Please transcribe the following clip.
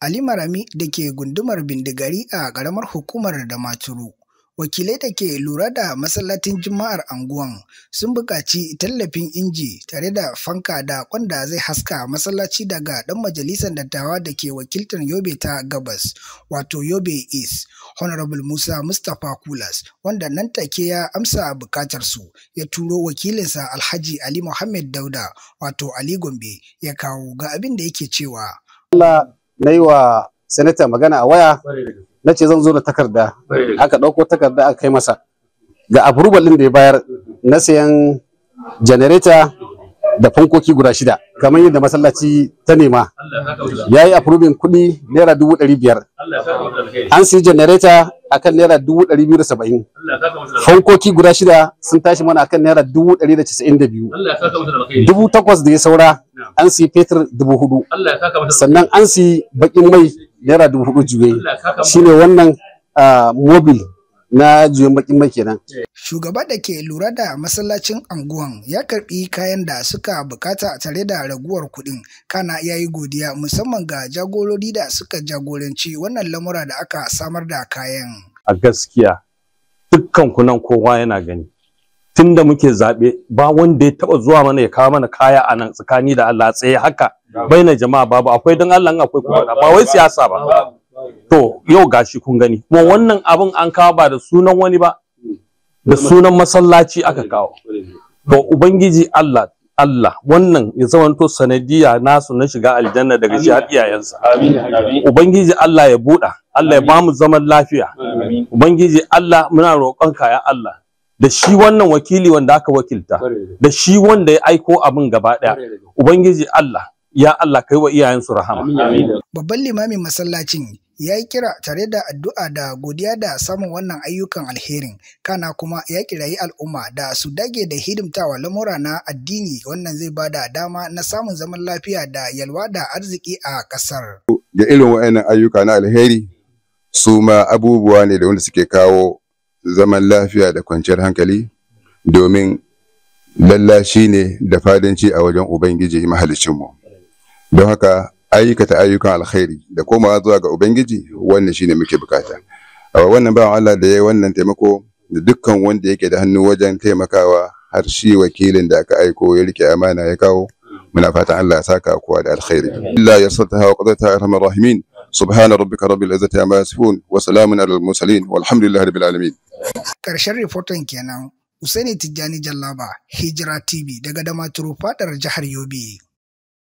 Ali Marami da ke gundumar Bindigari a ƙaramar hukumar da Maturu. Wakilai da ke lura da masallacin Juma'ar anguwan sun buƙaci tallafin inji tare da fanka da kwanda zai haska masallaci daga ɗan majalisar dattawa da ke wakiltar Yobe ta Gabas, wato Yobe East, Honorable Musa Mustapha Kulas, wanda nan take ya amsa su, ya turo wakilinsa Alhaji Ali Muhammad Dauda, wato Ali Gombe, ya kawo ga abin da yake cewa. na yi wa sanata magana a waya na ce zan zo da takarda aka ɗauko takarda aka kai masa ga approval ɗin da ya bayar na sayan janareta da fankoki guda shida kamar yadda masallaci ta nema ya yi approving kuɗi naira dubu ɗari biyar an sayi janareta akan naira dubu ɗari biyu da saba'in fankoki guda shida sun tashi mana akan naira dubu ɗari da casa'in da biyu dubu takwas da ya saura an fetur dubu hudu sannan an baƙin bakin mai naira dubu hudu juye shine wannan mobil na juyen bakin mai kenan. Shugaba da ke lura da masallacin anguwan ya karɓi kayan da suka bukata tare da raguwar kuɗin kana ya yi godiya musamman ga jagorori da suka jagoranci wannan lamura da aka samar da kayan. A gaskiya dukkan kunan kowa yana gani. tun da muke zaɓe ba wanda ya taɓa zuwa mana ya kawo mana kaya a nan tsakani da Allah tsaye haka na jama'a babu akwai don Allah akwai kuma ba wai siyasa ba to yau gashi kun gani kuma wannan abin an kawo ba da sunan wani ba da sunan masallaci aka kawo to ubangiji Allah Allah wannan ya zamanto sanadiyya nasu na shiga aljanna daga shi har iyayensa ubangiji Allah ya buɗa Allah ya bamu zaman lafiya ubangiji Allah muna roƙon ya Allah da shi wannan wakili wanda aka wakilta da shi wanda ya aiko abin gaba daya ubangiji Allah ya Allah kai wa iyayen su rahama babban limamin masallacin ya yi kira tare da addu'a da godiya da samun wannan ayyukan alherin kana kuma ya kirayi al'umma da su dage da hidimtawa lamura na addini wannan zai ba da dama na samun zaman lafiya da yalwa da arziki a ƙasar. ga irin wa'annan ayyuka na alheri su ma abubuwa ne da wanda suke kawo zaman lafiya da kwanciyar hankali domin lallashi ne da fadanci a wajen ubangiji mahalicinmu don haka aikata ayyukan alkhairi da komawa zuwa ga ubangiji wannan shi ne muke bukata a wannan bawan Allah da ya yi wannan taimako da dukkan wanda yake da hannu wajen taimakawa har shi wakilin da aka aiko ya rike amana ya kawo muna fatan Allah ya saka kowa da alkhairi ya sata hawa qadata arhamar rahimin subhana rabbika rabbil izzati amma yasifun wa salamun alal mursalin walhamdulillahi rabbil alamin Ƙarshen rahoton kenan Usaini Tijjani Jallaba, Hijira TV daga Damaturu fadar jihar Yobe.